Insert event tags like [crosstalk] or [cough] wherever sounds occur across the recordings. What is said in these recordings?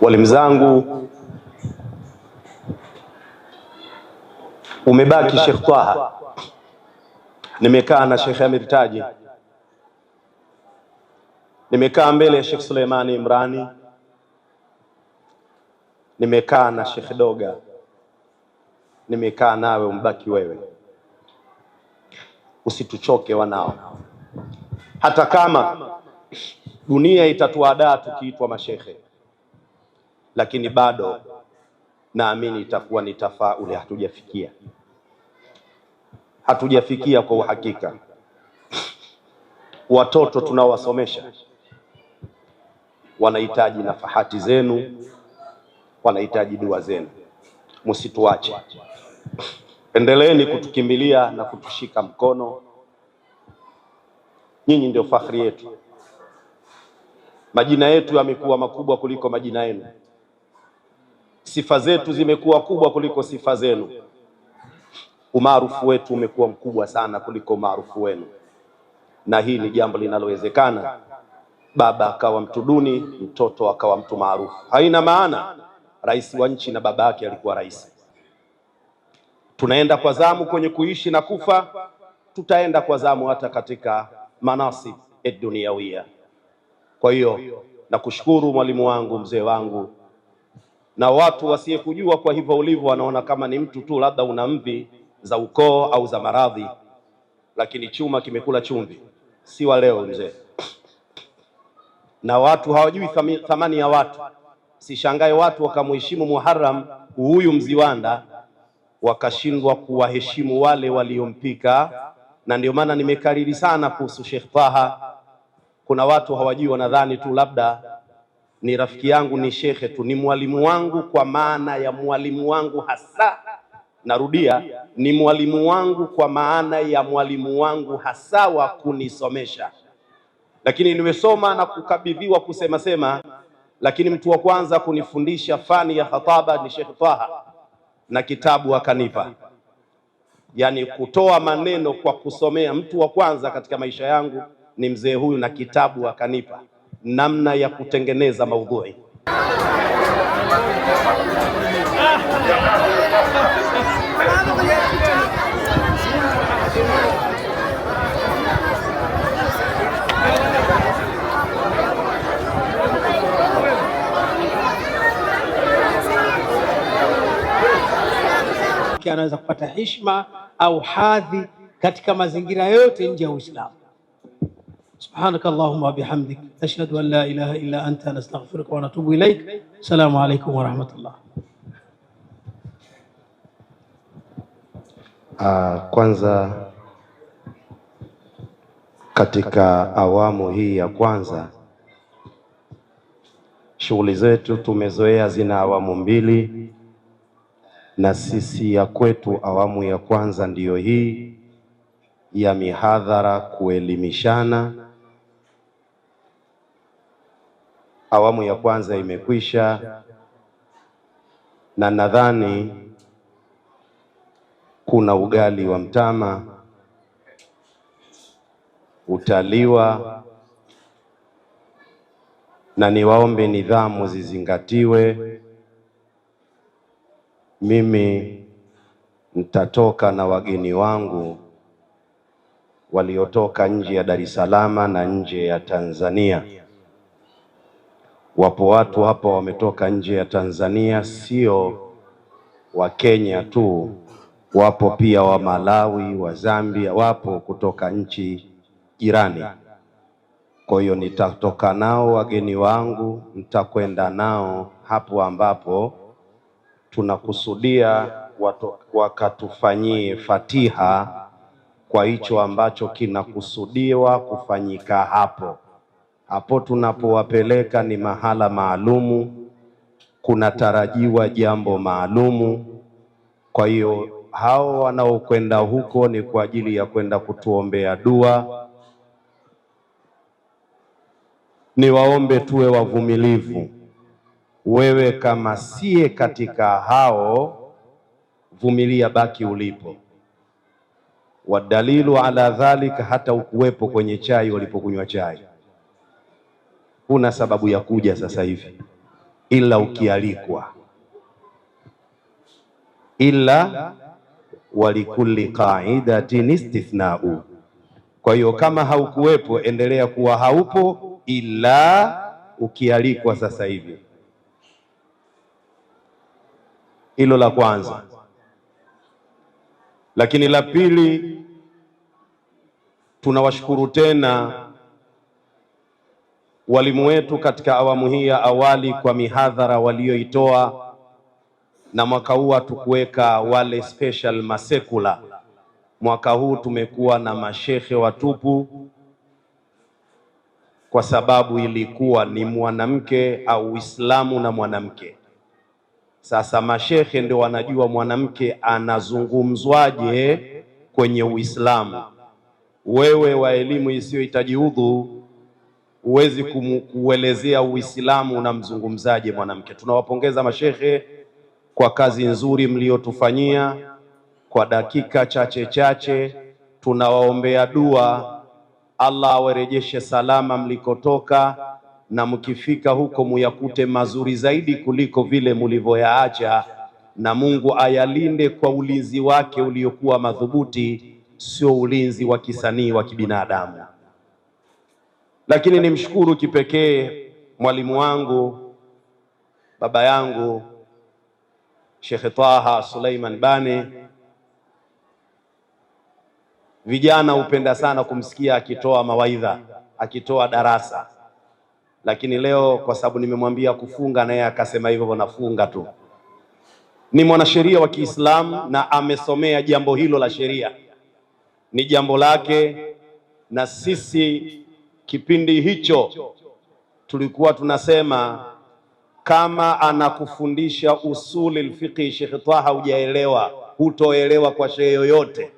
walimu zangu, umebaki Sheikh Twaha. Nimekaa na Sheikh Amir Taji, nimekaa mbele ya Sheikh Suleimani Imrani, nimekaa na Sheikh Doga, nimekaa nawe, umbaki wewe. Usituchoke wanao, hata kama dunia itatuadaa tukiitwa mashehe lakini bado naamini itakuwa ni ule hatujafikia hatujafikia kwa uhakika. Watoto tunaowasomesha wanahitaji nafahati zenu, wanahitaji dua zenu, msituache. Endeleeni kutukimbilia na kutushika mkono, nyinyi ndio fakhri yetu. Majina yetu yamekuwa makubwa kuliko majina yenu sifa zetu zimekuwa kubwa kuliko sifa zenu, umaarufu wetu umekuwa mkubwa sana kuliko umaarufu wenu, na hii ni jambo linalowezekana. Baba akawa mtu duni, mtoto akawa mtu maarufu. Haina maana rais wa nchi na baba yake alikuwa rais. Tunaenda kwa zamu kwenye kuishi na kufa, tutaenda kwa zamu hata katika manasib duniawia. Kwa hiyo nakushukuru mwalimu wangu, mzee wangu na watu wasiyekujua kwa hivyo ulivyo wanaona kama ni mtu tu, labda una mvi za ukoo au za maradhi, lakini chuma kimekula chumvi, si wa leo mzee. Na watu hawajui thamani ya watu. Sishangae watu wakamheshimu Muharram huyu Mziwanda, wakashindwa kuwaheshimu wale waliompika, na ndio maana nimekariri sana kuhusu Sheikh Taha. Kuna watu hawajui, wanadhani tu labda ni rafiki yangu, ni shekhe tu, ni mwalimu wangu, kwa maana ya mwalimu wangu hasa. Narudia, ni mwalimu wangu kwa maana ya mwalimu wangu hasa wa kunisomesha. Lakini nimesoma na kukabidhiwa kusema sema, lakini mtu wa kwanza kunifundisha fani ya khataba ni Sheikh Taha, na kitabu akanipa, yaani kutoa maneno kwa kusomea. Mtu wa kwanza katika maisha yangu ni mzee huyu, na kitabu akanipa namna ya kutengeneza maudhui. Anaweza kupata heshima au hadhi katika mazingira yote nje ya Uislamu. سبحانك اللهم وبحمدك أشهد أن لا إله إلا أنت نستغفرك ونتوب إليك السلام عليكم ورحمة الله Uh, kwanza katika awamu hii ya kwanza shughuli zetu tumezoea zina awamu mbili, na sisi ya kwetu awamu ya kwanza ndiyo hii ya mihadhara kuelimishana awamu ya kwanza imekwisha, na nadhani kuna ugali wa mtama utaliwa, na niwaombe nidhamu zizingatiwe. Mimi nitatoka na wageni wangu waliotoka nje ya Dar es Salaam na nje ya Tanzania. Wapo watu hapa wametoka nje ya Tanzania, sio wa Kenya tu, wapo pia wa Malawi, wa Zambia, wapo kutoka nchi jirani. Kwa hiyo nitatoka nao wageni wangu, nitakwenda nao hapo ambapo tunakusudia wakatufanyie fatiha kwa hicho ambacho kinakusudiwa kufanyika hapo. Hapo tunapowapeleka ni mahala maalumu, kunatarajiwa jambo maalumu. Kwa hiyo hao wanaokwenda huko ni kwa ajili ya kwenda kutuombea dua. Niwaombe tuwe wavumilivu. Wewe kama siye katika hao, vumilia, baki ulipo. Wadalilu ala dhalika, hata ukuwepo kwenye chai walipokunywa chai Huna sababu ya kuja sasa hivi ila ukialikwa, ila walikuli qaidatin istithnau. Kwa hiyo kama haukuwepo, endelea kuwa haupo, ila ukialikwa sasa hivi. Hilo la kwanza, lakini la pili tunawashukuru tena walimu wetu katika awamu hii ya awali kwa mihadhara walioitoa, na mwaka huu hatukuweka wale special masekula. Mwaka huu tumekuwa na mashehe watupu, kwa sababu ilikuwa ni mwanamke au Uislamu na mwanamke. Sasa mashehe ndio wanajua mwanamke anazungumzwaje kwenye Uislamu. Wewe wa elimu isiyohitaji udhu huwezi kuelezea Uislamu unamzungumzaje mwanamke. Tunawapongeza mashehe kwa kazi nzuri mliotufanyia kwa dakika chache chache. Tunawaombea dua, Allah awarejeshe salama mlikotoka, na mkifika huko muyakute mazuri zaidi kuliko vile mulivyoyaacha, na Mungu ayalinde kwa ulinzi wake uliokuwa madhubuti, sio ulinzi wa kisanii wa kibinadamu. Lakini nimshukuru kipekee mwalimu wangu baba yangu Sheikh Taha Suleiman Bane. Vijana hupenda sana kumsikia akitoa mawaidha, akitoa darasa, lakini leo kwa sababu nimemwambia kufunga, yeye akasema hivyo, nafunga tu. Ni mwanasheria wa Kiislamu na amesomea jambo hilo la sheria, ni jambo lake na sisi Kipindi hicho tulikuwa tunasema kama anakufundisha usuli lfiqhi Sheikh Twaha hujaelewa, hutoelewa kwa shehe yoyote.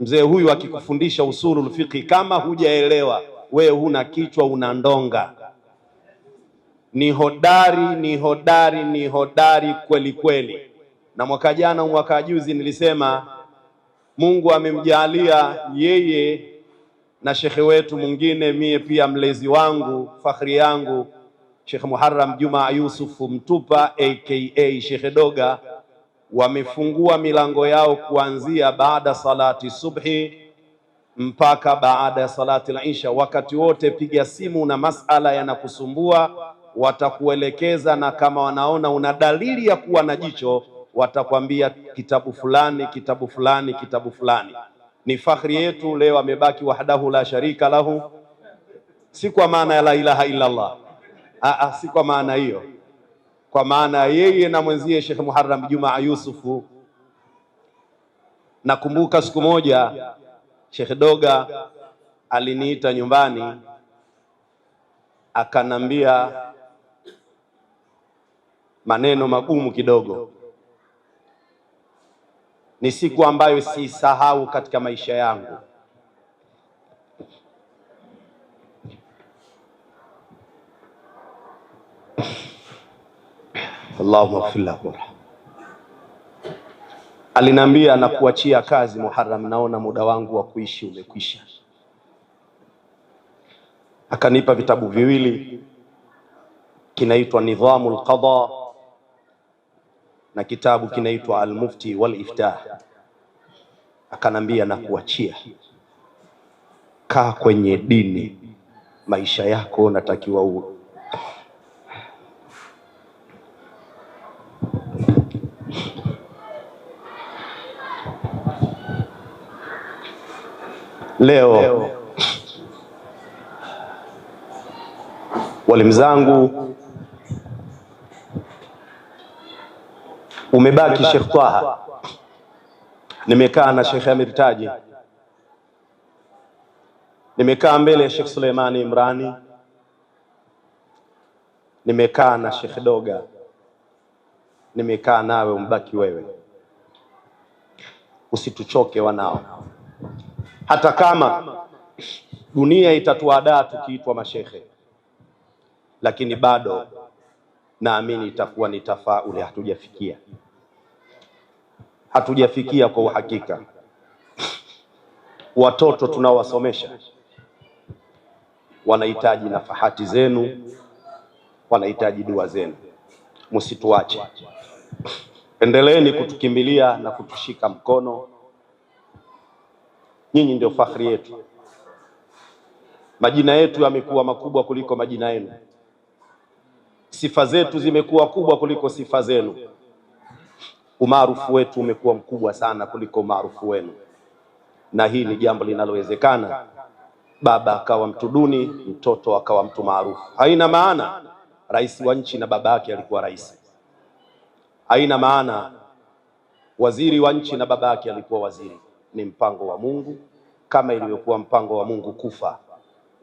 Mzee huyu akikufundisha usuli lfiqhi kama hujaelewa, wewe huna kichwa, una ndonga. Ni hodari, ni hodari, ni hodari kweli kweli. Na mwaka jana, mwaka juzi nilisema Mungu amemjalia yeye na shekhe wetu mwingine, mie pia mlezi wangu, fakhri yangu, shekhe Muharram Juma Yusufu Mtupa aka Shekhe Doga, wamefungua milango yao kuanzia baada salati subhi mpaka baada ya salati la isha. Wakati wote piga simu na masala yanakusumbua, watakuelekeza na kama wanaona una dalili ya kuwa na jicho, watakwambia kitabu fulani, kitabu fulani, kitabu fulani. Ni fakhri yetu leo amebaki wahdahu la sharika lahu, si kwa maana ya la ilaha illa Allah, aa, ah, ah, si kwa maana hiyo, kwa maana yeye na mwenzie Sheikh Muharram Juma Yusufu. Nakumbuka siku moja Sheikh Doga aliniita nyumbani akanambia maneno magumu kidogo ni siku ambayo siisahau katika maisha yangu. Allahumma ighfir lahu aliniambia na kuachia kazi Muharram, naona muda wangu wa kuishi umekwisha. Akanipa vitabu viwili, kinaitwa Nidhamul Qada na kitabu kinaitwa Almufti wal Iftah. Akanambia na kuachia, kaa kwenye dini, maisha yako natakiwa u... leo. Walimu zangu Umebaki Sheikh Twaha, nimekaa na Sheikh Amir Taji, nimekaa mbele ya Sheikh Suleimani Imrani, nimekaa na Sheikh Doga, nimekaa nawe, umbaki wewe. Usituchoke wanao, hata kama dunia itatuadaa tukiitwa mashehe, lakini bado naamini itakuwa ni tafauli. Hatujafikia, hatujafikia kwa uhakika. Watoto tunawasomesha wanahitaji nafahati zenu, wanahitaji dua zenu, msituache. Endeleeni kutukimbilia na kutushika mkono, nyinyi ndio fakhri yetu. Majina yetu yamekuwa makubwa kuliko majina yenu sifa zetu zimekuwa kubwa kuliko sifa zenu, umaarufu wetu umekuwa mkubwa sana kuliko umaarufu wenu, na hii ni jambo linalowezekana. Baba akawa mtu duni, mtoto akawa mtu maarufu. Haina maana rais wa nchi na baba yake alikuwa rais. Haina maana waziri wa nchi na baba yake alikuwa waziri. Ni mpango wa Mungu, kama ilivyokuwa mpango wa Mungu kufa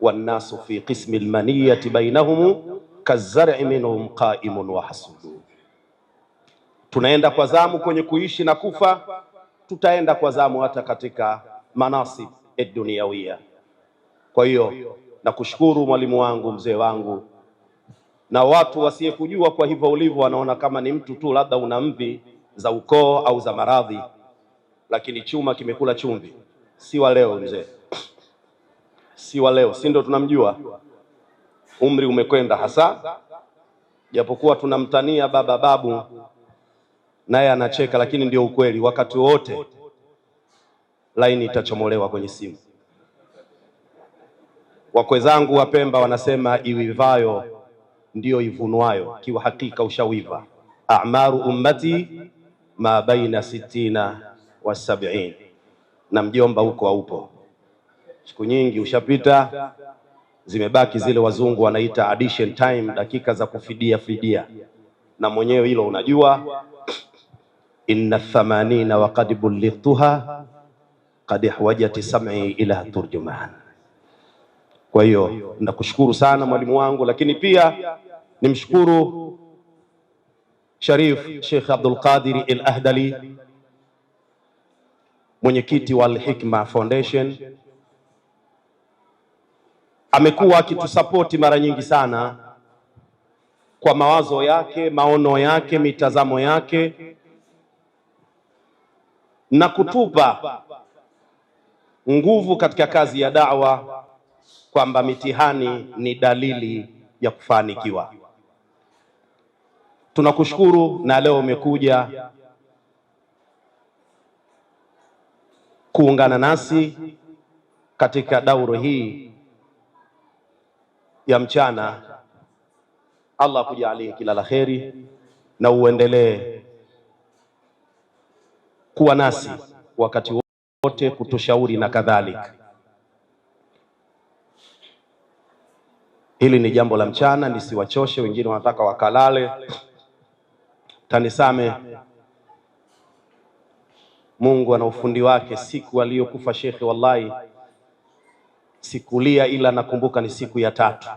wannasu fi qismi lmaniyati bainahum kazari minhum qaimun wa hasudu. Tunaenda kwa zamu kwenye kuishi na kufa, tutaenda kwa zamu hata katika manasib duniawia. Kwa hiyo nakushukuru mwalimu wangu, mzee wangu, na watu wasiyekujua kwa hivyo ulivyo wanaona kama ni mtu tu, labda una mvi za ukoo au za maradhi, lakini chuma kimekula chumvi. Si wa leo mzee, si wa leo, si ndio tunamjua umri umekwenda hasa, japokuwa tunamtania baba babu, naye anacheka, lakini ndio ukweli. Wakati wote laini itachomolewa kwenye simu. Wakwe zangu wa Pemba wanasema iwivayo ndiyo ivunwayo, kiwa hakika ushawiva. Amaru ummati ma baina sitina wa sabini, na mjomba huko haupo, siku nyingi ushapita zimebaki zile wazungu wanaita addition time, dakika za kufidia fidia, na mwenyewe hilo unajua. [clears throat] inna thamanina wa qad bulightuha qad hawajati sam'i ila turjuman. Kwa hiyo nakushukuru sana mwalimu wangu, lakini pia nimshukuru Sharif Sheikh Abdul Qadir Al Ahdali, mwenyekiti wa Al Hikma Foundation amekuwa akitusapoti mara nyingi sana kwa mawazo yake, maono yake, mitazamo yake na kutupa nguvu katika kazi ya da'wa kwamba mitihani ni dalili ya kufanikiwa. Tunakushukuru na leo umekuja kuungana nasi katika dauro hii ya mchana. Allah akujalie kila la kheri na uendelee kuwa nasi wakati wote, kutushauri na kadhalika. Hili ni jambo la mchana, nisiwachoshe. Wengine wanataka wakalale, tanisame. Mungu ana ufundi wake. Siku aliyokufa shekhe, wallahi sikulia, ila nakumbuka ni siku ya tatu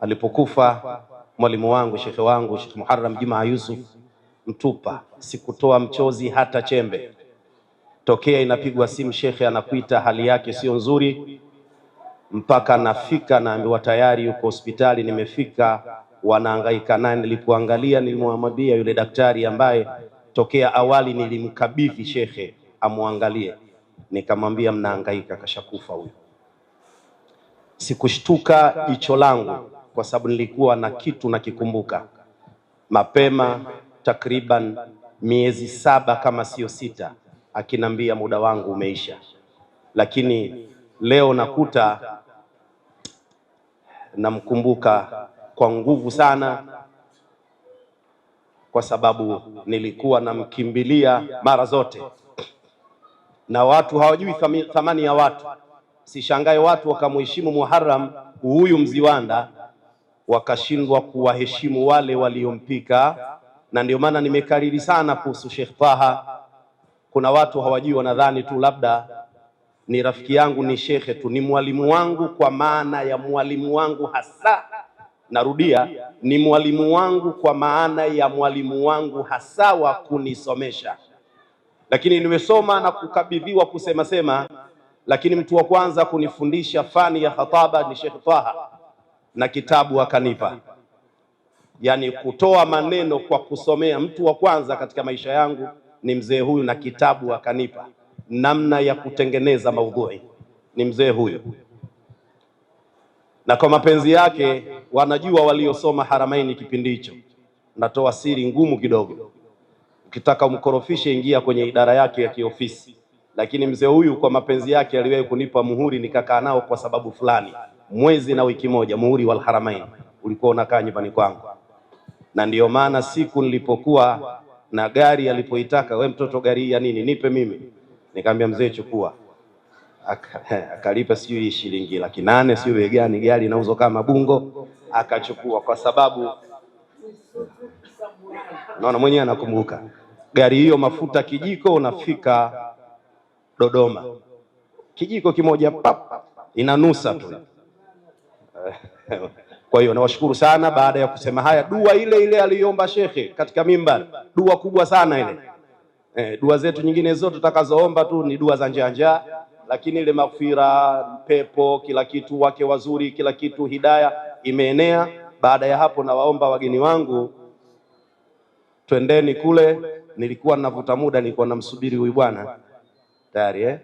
alipokufa mwalimu wangu shekhe wangu Sheikh Muharram Juma Yusuf Mtupa, sikutoa mchozi hata chembe. Tokea inapigwa simu shekhe anakuita, hali yake sio nzuri, mpaka nafika naambiwa tayari yuko hospitali. Nimefika wanahangaika naye, nilipoangalia nilimwambia yule daktari ambaye tokea awali nilimkabidhi shekhe amwangalie Nikamwambia mnahangaika, kashakufa huyo. Sikushtuka jicho langu, kwa sababu nilikuwa na kitu nakikumbuka mapema, takriban miezi saba kama sio sita, akinambia muda wangu umeisha, lakini leo nakuta namkumbuka kwa nguvu sana, kwa sababu nilikuwa namkimbilia mara zote na watu hawajui thamani ya watu. Sishangae watu wakamheshimu Muharram huyu Mziwanda, wakashindwa kuwaheshimu wale waliompika, na ndio maana nimekariri sana kuhusu Sheikh Taha. Kuna watu hawajui, wanadhani tu labda ni rafiki yangu, ni shekhe tu, ni mwalimu wangu, kwa maana ya mwalimu wangu hasa. Narudia, ni mwalimu wangu kwa maana ya mwalimu wangu hasa wa kunisomesha lakini nimesoma na kukabidhiwa kusema sema, lakini mtu wa kwanza kunifundisha fani ya khataba ni Sheikh Taha, na kitabu akanipa, yaani kutoa maneno kwa kusomea. Mtu wa kwanza katika maisha yangu ni mzee huyu, na kitabu akanipa namna ya kutengeneza maudhui, ni mzee huyu. Na kwa mapenzi yake wanajua waliosoma Haramaini kipindi hicho, natoa siri ngumu kidogo Ukitaka umkorofishe, ingia kwenye idara yake ya kiofisi. Lakini mzee huyu kwa mapenzi yake aliwahi kunipa muhuri, nikakaa nao kwa sababu fulani, mwezi na wiki moja. Muhuri wa Alharamain ulikuwa unakaa nyumbani kwangu, na ndiyo maana siku nilipokuwa na gari alipoitaka, we mtoto, gari ya nini? Nipe mimi. Nikamwambia mzee, chukua [laughs] akalipa sijui shilingi laki nane sijui bei gani, gari inauzwa kama bungo. Akachukua kwa sababu naona mwenyewe anakumbuka gari hiyo mafuta kijiko, unafika Dodoma, kijiko kimoja pap inanusa tu. [laughs] Kwa hiyo nawashukuru sana. Baada ya kusema haya, dua ile ile aliomba shekhe katika mimbar, dua kubwa sana ile. Eh, dua zetu nyingine zote tutakazoomba tu ni dua za njaa njaa, lakini ile mafira pepo, kila kitu, wake wazuri, kila kitu, hidaya imeenea. Baada ya hapo, nawaomba wageni wangu, twendeni kule nilikuwa navuta muda, nilikuwa namsubiri huyu bwana tayari eh?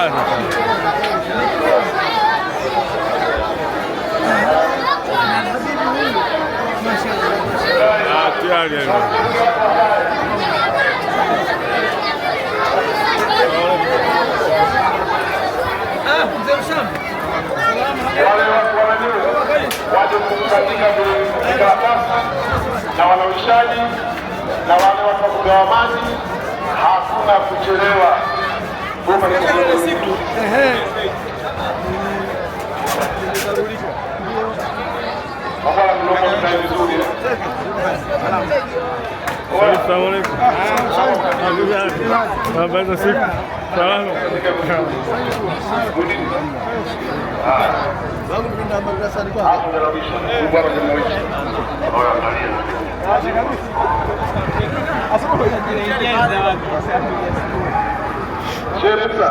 sana. Wale watu wanajua waje kukusanyika karatasa na wanawishaji na wale watu wa kugawa maji, hakuna kuchelewa. Habari za siku. Salamu. Bago kwenda madrasa ni kwa. Hapo ndio rabisha. Bwana jamhuri. Bora angalia. Asante kwa చేరుతా